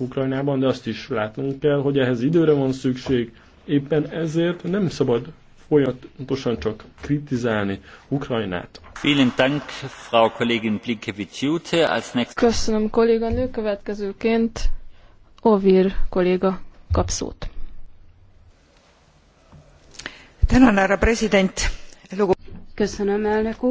Ukrajnában, de azt is látnunk kell, hogy ehhez időre van szükség. Éppen ezért nem szabad folyamatosan csak kritizálni Ukrajnát. Köszönöm kolléganő, következőként Ovir kolléga kap szót. Köszönöm elnök úr.